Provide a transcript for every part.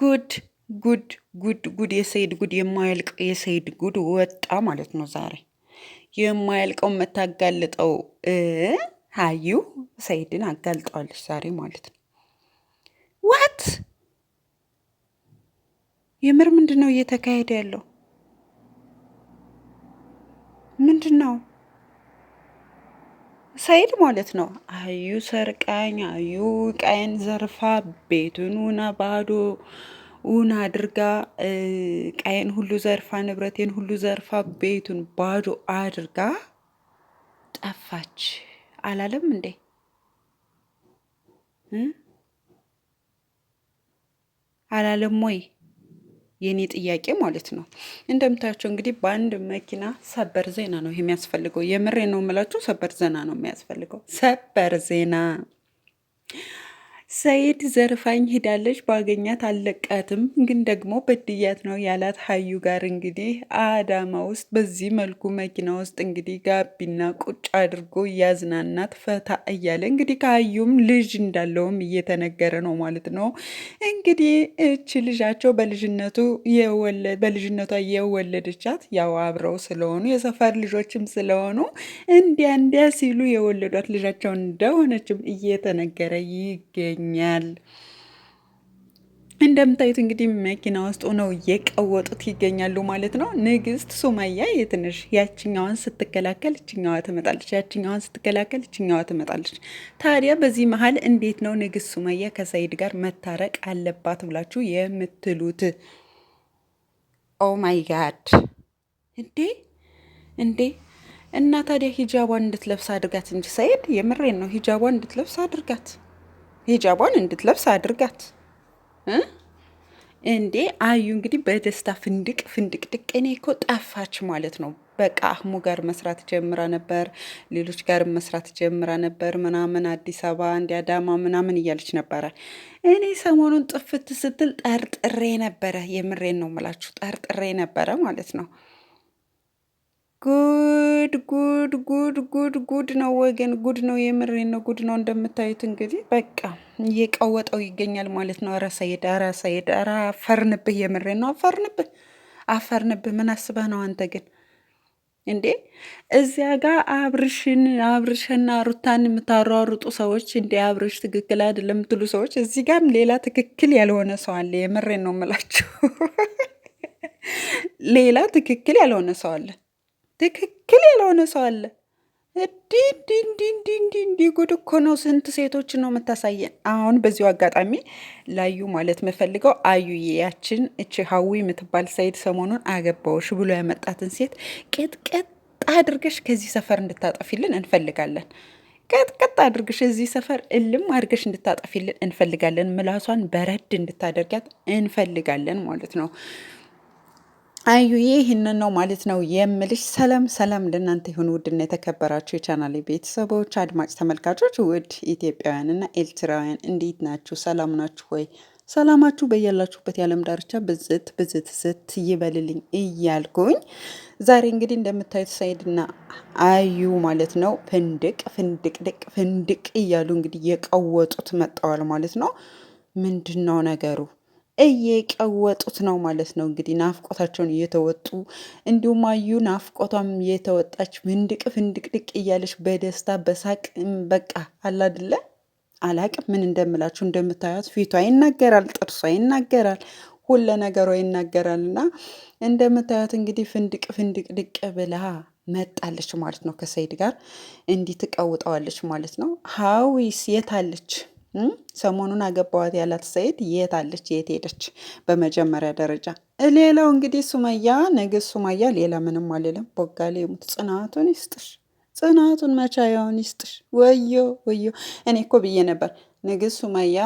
ጉድ ጉድ ጉድ ጉድ የሰይድ ጉድ የማያልቅ የሰይድ ጉድ ወጣ ማለት ነው ዛሬ። የማያልቀው መታጋልጠው ሀዩ ሰይድን አጋልጠዋለች ዛሬ ማለት ነው። ዋት የምር ምንድን ነው እየተካሄደ ያለው? ምንድን ነው ሰይድ ማለት ነው። አዩ ሰርቃኝ፣ አዩ ዕቃዬን ዘርፋ ቤቱን ሆና ባዶ እውን አድርጋ ቀይን ሁሉ ዘርፋ ንብረቴን ሁሉ ዘርፋ ቤቱን ባዶ አድርጋ ጠፋች አላለም እንዴ? አላለም ወይ? የእኔ ጥያቄ ማለት ነው። እንደምታያቸው እንግዲህ በአንድ መኪና ሰበር ዜና ነው የሚያስፈልገው። የምሬ ነው የምላችሁ፣ ሰበር ዜና ነው የሚያስፈልገው። ሰበር ዜና ሰይድ ዘርፋኝ ሂዳለች ባገኛት አለቃትም፣ ግን ደግሞ በድያት ነው ያላት ሀዩ ጋር እንግዲህ አዳማ ውስጥ በዚህ መልኩ መኪና ውስጥ እንግዲህ ጋቢና ቁጭ አድርጎ እያዝናናት ፈታ እያለ እንግዲህ ከሀዩም ልጅ እንዳለውም እየተነገረ ነው ማለት ነው። እንግዲህ እች ልጃቸው በልጅነቱ በልጅነቷ የወለደቻት ያው አብረው ስለሆኑ የሰፈር ልጆችም ስለሆኑ እንዲያ እንዲያ ሲሉ የወለዷት ልጃቸው እንደሆነችም እየተነገረ ይገኛል። ይገኛል። እንደምታዩት እንግዲህ መኪና ውስጥ ሆነው እየቀወጡት ይገኛሉ ማለት ነው። ንግስት ሱመያ የትንሽ ያችኛዋን ስትከላከል እችኛዋ ትመጣለች፣ ያችኛዋን ስትከላከል እችኛዋ ትመጣለች። ታዲያ በዚህ መሀል እንዴት ነው ንግስት ሱመያ ከሰይድ ጋር መታረቅ አለባት ብላችሁ የምትሉት? ኦ ማይ ጋድ እንዴ እንዴ! እና ታዲያ ሂጃቧን እንድትለብስ አድርጋት እንጂ ሰይድ፣ የምሬን ነው ሂጃቧን እንድትለብስ አድርጋት። ሂጃቧን እንድትለብስ አድርጋት እንዴ። አዩ እንግዲህ በደስታ ፍንድቅ ፍንድቅ ድቅ። እኔ እኮ ጠፋች ማለት ነው። በቃ አህሙ ጋር መስራት ጀምራ ነበር፣ ሌሎች ጋር መስራት ጀምራ ነበር ምናምን አዲስ አበባ እንዲ አዳማ ምናምን እያለች ነበረ። እኔ ሰሞኑን ጥፍት ስትል ጠርጥሬ ነበረ። የምሬን ነው የምላችሁ ጠርጥሬ ነበረ ማለት ነው። ጉድ ጉድ ጉድ ጉድ ጉድ ነው ወገን፣ ጉድ ነው። የምሬን ነው፣ ጉድ ነው። እንደምታዩት እንግዲህ በቃ እየቀወጠው ይገኛል ማለት ነው። ኧረ ሰይድ፣ ኧረ ሰይድ፣ ኧረ አፈርንብህ። የምሬን ነው፣ አፈርንብህ፣ አፈርንብህ። ምን አስበህ ነው አንተ ግን እንዴ? እዚያ ጋር አብርሽን አብርሽና ሩታን የምታሯሩጡ ሰዎች እንደ አብርሽ ትክክል አይደለም የምትሉ ሰዎች እዚህ ጋርም ሌላ ትክክል ያልሆነ ሰው አለ። የምሬን ነው የምላችሁ፣ ሌላ ትክክል ያልሆነ ሰው አለ። ትክክል ያልሆነ ሰው አለ። እንዲህ ጉድ እኮ ነው። ስንት ሴቶችን ነው የምታሳየን? አሁን በዚሁ አጋጣሚ ላዩ ማለት የምፈልገው አዩ ያችን እቺ ሀዊ የምትባል ሰይድ ሰሞኑን አገባዎሽ ብሎ ያመጣትን ሴት ቅጥቅጥ አድርገሽ ከዚህ ሰፈር እንድታጠፊልን እንፈልጋለን። ቀጥቀጥ አድርግሽ እዚህ ሰፈር እልም አድርገሽ እንድታጠፊልን እንፈልጋለን። ምላሷን በረድ እንድታደርጋት እንፈልጋለን ማለት ነው። አዩዬ ይህንን ነው ማለት ነው የምልሽ። ሰላም ሰላም ለእናንተ ይሁን ውድና የተከበራችሁ የቻናሌ ቤተሰቦች፣ አድማጭ ተመልካቾች፣ ውድ እና ኤርትራውያን እንዴት ናችሁ? ሰላም ናችሁ ወይ? ሰላማችሁ በያላችሁበት የዓለም ዳርቻ ብዝት ብዝት ስት ይበልልኝ እያልኩኝ ዛሬ እንግዲህ እንደምታዩት ሰኢድና አዩ ማለት ነው ፍንድቅ ፍንድቅ ድቅ ፍንድቅ እያሉ እንግዲህ የቀወጡት መጠዋል ማለት ነው። ምንድን ነው ነገሩ? እየቀወጡት ነው ማለት ነው። እንግዲህ ናፍቆታቸውን እየተወጡ እንዲሁም አዩ ናፍቆቷም እየተወጣች ፍንድቅ ፍንድቅድቅ እያለች በደስታ በሳቅ በቃ አላድለ አላቅም ምን እንደምላችሁ እንደምታዩት ፊቷ ይናገራል፣ ጥርሷ ይናገራል፣ ሁለ ነገሯ ይናገራል። እና እንደምታዩት እንግዲህ ፍንድቅ ፍንድቅ ድቅ ብላ መጣለች ማለት ነው። ከሰይድ ጋር እንዲህ ትቀውጠዋለች ማለት ነው። ሀዊስ የታለች? አለች? ሰሞኑን አገባዋት ያላት ሰኢድ የት አለች? የት ሄደች? በመጀመሪያ ደረጃ ሌላው እንግዲህ ሱመያ ንግስት ሱመያ ሌላ ምንም አልልም። ቦጋሌ ሙት ጽናቱን ይስጥሽ፣ ጽናቱን መቻያውን ይስጥሽ። ወዮ ወዮ፣ እኔ እኮ ብዬ ነበር ንግስት ሱመያ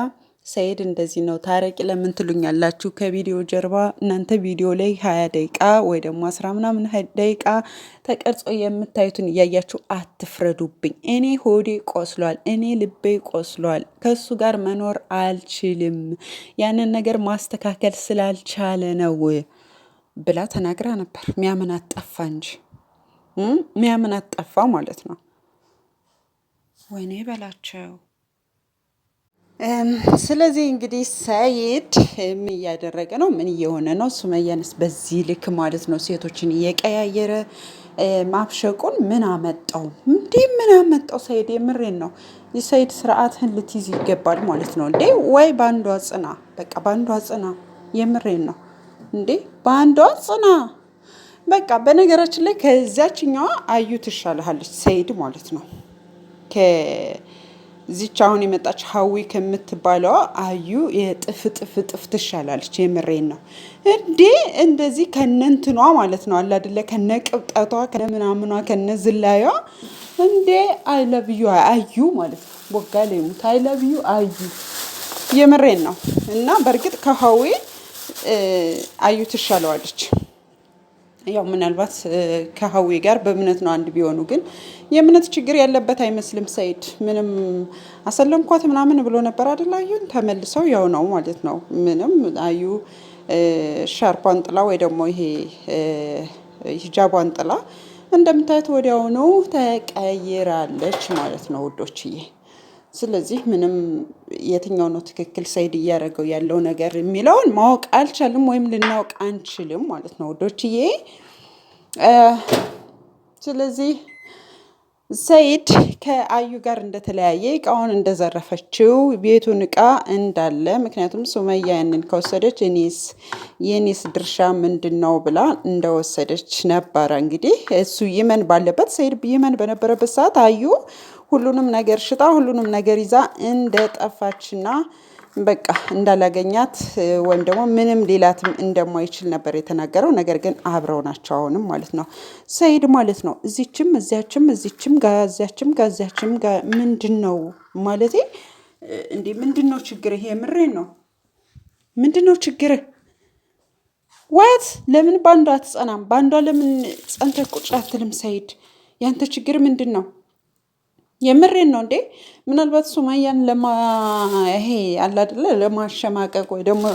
ሰኢድ እንደዚህ ነው። ታረቂ ለምን ትሉኛላችሁ? ከቪዲዮ ጀርባ እናንተ ቪዲዮ ላይ ሀያ ደቂቃ ወይ ደግሞ አስራ ምናምን ደቂቃ ተቀርጾ የምታዩትን እያያችሁ አትፍረዱብኝ። እኔ ሆዴ ቆስሏል፣ እኔ ልቤ ቆስሏል። ከሱ ጋር መኖር አልችልም። ያንን ነገር ማስተካከል ስላልቻለ ነው ብላ ተናግራ ነበር። ሚያምን አጠፋ እንጂ ሚያምን አጠፋ ማለት ነው። ወይኔ በላቸው ስለዚህ እንግዲህ ሰይድ ምን እያደረገ ነው? ምን እየሆነ ነው? ሱመያንስ በዚህ ልክ ማለት ነው ሴቶችን እየቀያየረ ማብሸቁን ምን አመጣው? እንዲህ ምን አመጣው? ሰኢድ የምሬን ነው። የሰኢድ ስርዓትህን ልትይዝ ይገባል ማለት ነው እንዴ! ወይ በአንዷ ጽና፣ በቃ በአንዷ ጽና። የምሬን ነው እንዴ! በአንዷ ጽና። በቃ በነገራችን ላይ ከዛችኛዋ አዩ ትሻልሃለች ሰይድ ማለት ነው። እዚች አሁን የመጣች ሀዊ ከምትባለዋ አዩ የጥፍ ጥፍ ጥፍ ትሻላለች። የምሬን ነው እንዴ! እንደዚህ ከነንትኗ ማለት ነው አለ አይደለ? ከነ ቅብጠቷ፣ ከነ ምናምኗ፣ ከነ ዝላዩዋ እንዴ! አይለብዩ አዩ ማለት ነው። ቦጋ ሌሙት አይለብዩ አዩ። የምሬን ነው እና በእርግጥ ከሀዊ አዩ ትሻለዋለች። ያው ምናልባት ከሀዊ ጋር በእምነት ነው አንድ ቢሆኑ፣ ግን የእምነት ችግር ያለበት አይመስልም። ሰይድ ምንም አሰለምኳት ምናምን ብሎ ነበር አይደል? አዩን ተመልሰው ያው ነው ማለት ነው። ምንም አዩ ሻርፓን ጥላ ወይ ደግሞ ይሄ ሂጃቧን ጥላ እንደምታዩት ወዲያውኑ ተቀይራለች ማለት ነው ውዶችዬ። ስለዚህ ምንም የትኛው ነው ትክክል ሰይድ እያደረገው ያለው ነገር የሚለውን ማወቅ አልቻልም ወይም ልናውቅ አንችልም ማለት ነው ወዶችዬ። ስለዚህ ሰይድ ከአዩ ጋር እንደተለያየ እቃውን እንደዘረፈችው ቤቱን እቃ እንዳለ ምክንያቱም ሱመያ ያንን ከወሰደች እኔስ የኔስ ድርሻ ምንድን ነው ብላ እንደወሰደች ነበረ። እንግዲህ እሱ ይመን ባለበት ሰይድ ይመን በነበረበት ሰዓት አዩ ሁሉንም ነገር ሽጣ ሁሉንም ነገር ይዛ እንደጠፋችና በቃ እንዳላገኛት ወይም ደግሞ ምንም ሌላትም እንደማይችል ነበር የተናገረው። ነገር ግን አብረው ናቸው አሁንም ማለት ነው ሰይድ ማለት ነው። እዚችም እዚያችም እዚችም ጋዚያችም ጋዚያችም ምንድን ነው ማለት እንዴ? ምንድን ነው ችግር? ይሄ ምሬ ነው። ምንድን ነው ችግር? ወት ለምን ባንዷ አትጸናም? ባንዷ ለምን ጸንተ ቁጭ አትልም? ሰይድ ያንተ ችግር ምንድን ነው? የምሬን ነው እንዴ! ምናልባት ሱማያን ይሄ ለማሸማቀቅ ወይ ደግሞ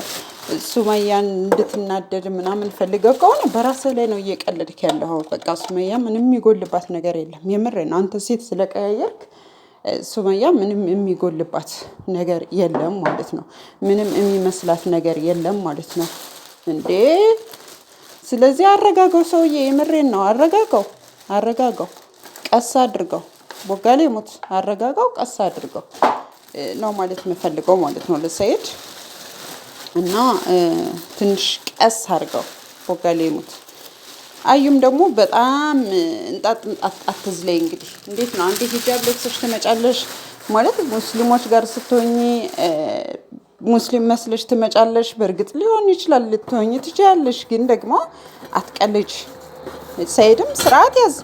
ሱማያን እንድትናደድ ምናምን ፈልገው ከሆነ በራስህ ላይ ነው እየቀለድክ ያለው። በቃ ሱማያ ምንም የሚጎልባት ነገር የለም። የምሬን ነው። አንተ ሴት ስለቀያየርክ ሱማያ ምንም የሚጎልባት ነገር የለም ማለት ነው። ምንም የሚመስላት ነገር የለም ማለት ነው እንዴ! ስለዚህ አረጋገው ሰውዬ፣ የምሬን ነው። አረጋገው፣ አረጋገው፣ ቀስ አድርገው። ቦጋሌ ሙት አረጋጋው ቀስ አድርገው ነው ማለት የምፈልገው ማለት ነው ለሰይድ እና ትንሽ ቀስ አድርገው ቦጋሌ ሙት። አዩም ደግሞ በጣም እንጣጥ እንጣጥ አትዝ ላይ እንግዲህ እንዴት ነው አንዴ ሂጃብ ለብሰሽ ትመጫለሽ ማለት ሙስሊሞች ጋር ስትሆኚ ሙስሊም መስለሽ ትመጫለሽ። በእርግጥ ሊሆን ይችላል ልትሆኚ ትችያለሽ፣ ግን ደግሞ አትቀልጅ። ሰይድም ስርዓት ያዝ፣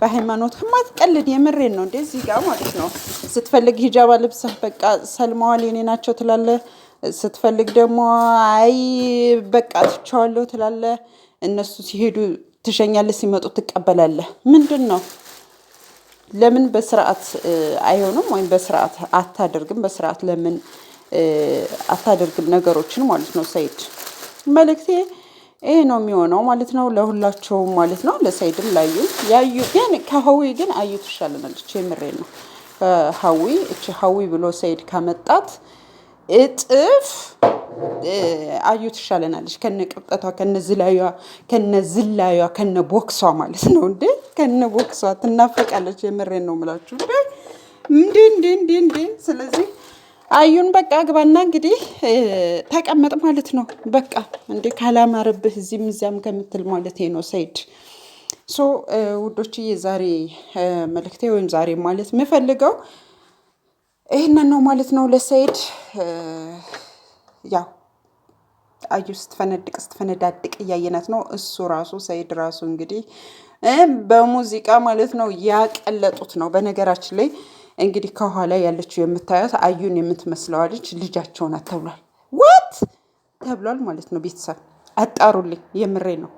በሃይማኖት ህማት ቀልድ የምሬን ነው። እንደዚህ ጋር ማለት ነው። ስትፈልግ ሂጃባ ልብሰህ በቃ ሰልማዋል የኔ ናቸው ትላለህ። ስትፈልግ ደግሞ አይ በቃ ትቸዋለሁ ትላለህ። እነሱ ሲሄዱ ትሸኛለህ፣ ሲመጡ ትቀበላለህ። ምንድን ነው? ለምን በስርዓት አይሆንም? ወይም በስርዓት አታደርግም? በስርዓት ለምን አታደርግም ነገሮችን ማለት ነው። ሰይድ መልእክቴ ይሄ ነው የሚሆነው ማለት ነው። ለሁላቸውም ማለት ነው። ለሰይድም ላዩ ያዩ ግን ከሀዊ ግን አዩ ትሻለናለች። የምሬ ነው። ሀዊ እቺ ሀዊ ብሎ ሰይድ ከመጣት እጥፍ አዩ ትሻለናለች። ከነ ቅብጠቷ፣ ከነ ዝላዩዋ፣ ከነ ዝላዩዋ፣ ከነ ቦክሷ ማለት ነው። እንደ ከነ ቦክሷ ትናፈቃለች። የምሬን ነው የምላችሁ እንዴ እንዴ እንዴ እንዴ ስለዚህ አዩን በቃ አግባና እንግዲህ ተቀመጥ ማለት ነው። በቃ እንዴ ካላማረብህ እዚህም እዚያም ከምትል ማለት ነው ሰይድ። ሶ ውዶች የዛሬ መልእክቴ ወይም ዛሬ ማለት የምፈልገው ይህንን ነው ማለት ነው። ለሰይድ ያው አዩ ስትፈነድቅ ስትፈነዳድቅ እያየናት ነው። እሱ ራሱ ሰይድ ራሱ እንግዲህ በሙዚቃ ማለት ነው ያቀለጡት ነው በነገራችን ላይ እንግዲህ ከኋላ ያለችው የምታያት አዩን የምትመስለዋ ልጅ ልጃቸው ናት ተብሏል። ወት ተብሏል ማለት ነው። ቤተሰብ አጣሩልኝ፣ የምሬ ነው።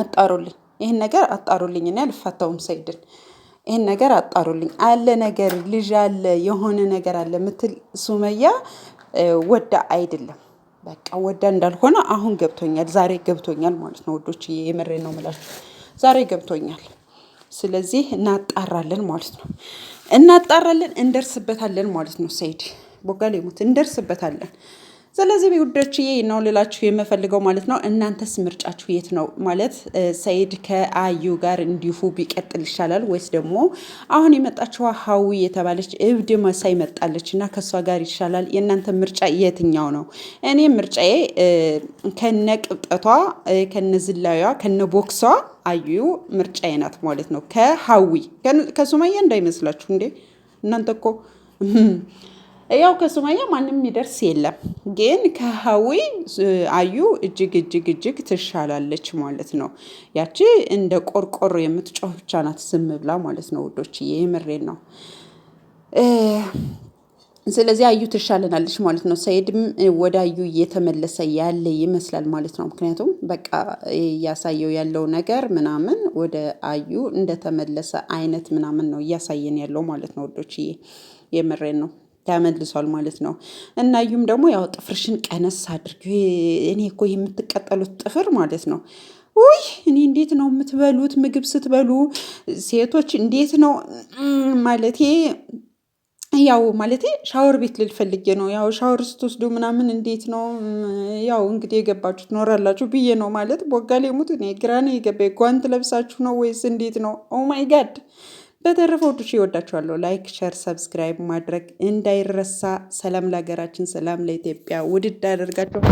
አጣሩልኝ፣ ይህን ነገር አጣሩልኝ። እኔ አልፋታውም ሰይድን ይህን ነገር አጣሩልኝ። አለ ነገር ልጅ አለ የሆነ ነገር አለ ምትል ሱመያ ወዳ አይደለም በቃ ወዳ እንዳልሆነ አሁን ገብቶኛል። ዛሬ ገብቶኛል ማለት ነው ወዶች፣ የምሬ ነው ምላችሁ ዛሬ ገብቶኛል። ስለዚህ እናጣራለን ማለት ነው። እናጣራለን፣ እንደርስበታለን ማለት ነው። ሰይድ ቦጋሌ ሙት እንደርስበታለን። ስለዚህ ውዶችዬ ነው ልላችሁ የምፈልገው ማለት ነው። እናንተስ ምርጫችሁ የት ነው ማለት ሰይድ ከአዩ ጋር እንዲሁ ቢቀጥል ይሻላል ወይስ ደግሞ አሁን የመጣችው ሀዊ የተባለች እብድ መሳይ መጣለች እና ከእሷ ጋር ይሻላል? የእናንተ ምርጫ የትኛው ነው? እኔ ምርጫዬ ከነ ቅብጠቷ ከነ ዝላዩዋ ከነ ቦክሷ አዩ ምርጫዬ ናት ማለት ነው። ከሀዊ ከሱመያ እንዳይመስላችሁ እንዴ እናንተ እኮ ያው ከሱማያ ማንም የሚደርስ የለም፣ ግን ከሀዊ አዩ እጅግ እጅግ እጅግ ትሻላለች ማለት ነው። ያቺ እንደ ቆርቆሮ የምትጮህ ብቻ ናት፣ ዝም ብላ ማለት ነው። ውዶች የምሬ ነው። ስለዚህ አዩ ትሻለናለች ማለት ነው። ሰይድም ወደ አዩ እየተመለሰ ያለ ይመስላል ማለት ነው። ምክንያቱም በቃ እያሳየው ያለው ነገር ምናምን ወደ አዩ እንደተመለሰ አይነት ምናምን ነው እያሳየን ያለው ማለት ነው። ውዶች የምሬን ነው። ተመልሷል ማለት ነው። እናዩም ደግሞ ያው ጥፍርሽን ቀነስ አድርጊ። እኔ እኮ የምትቀጠሉት ጥፍር ማለት ነው ውይ እኔ እንዴት ነው የምትበሉት? ምግብ ስትበሉ ሴቶች እንዴት ነው ማለቴ ያው ማለቴ ሻወር ቤት ልል ነው። ያው ሻወር ስትወስዱ ምናምን እንዴት ነው ያው እንግዲህ የገባችሁ ትኖራላችሁ ብዬ ነው ማለት ቦጋሌ ሙት እኔ ግራኔ የገባ ጓንት ለብሳችሁ ነው ወይስ እንዴት ነው? ኦ ማይ ጋድ በተረፈ ወዶች ይወዳችኋለሁ። ላይክ፣ ሸር፣ ሰብስክራይብ ማድረግ እንዳይረሳ። ሰላም ለሀገራችን፣ ሰላም ለኢትዮጵያ ውድድ አደርጋቸው።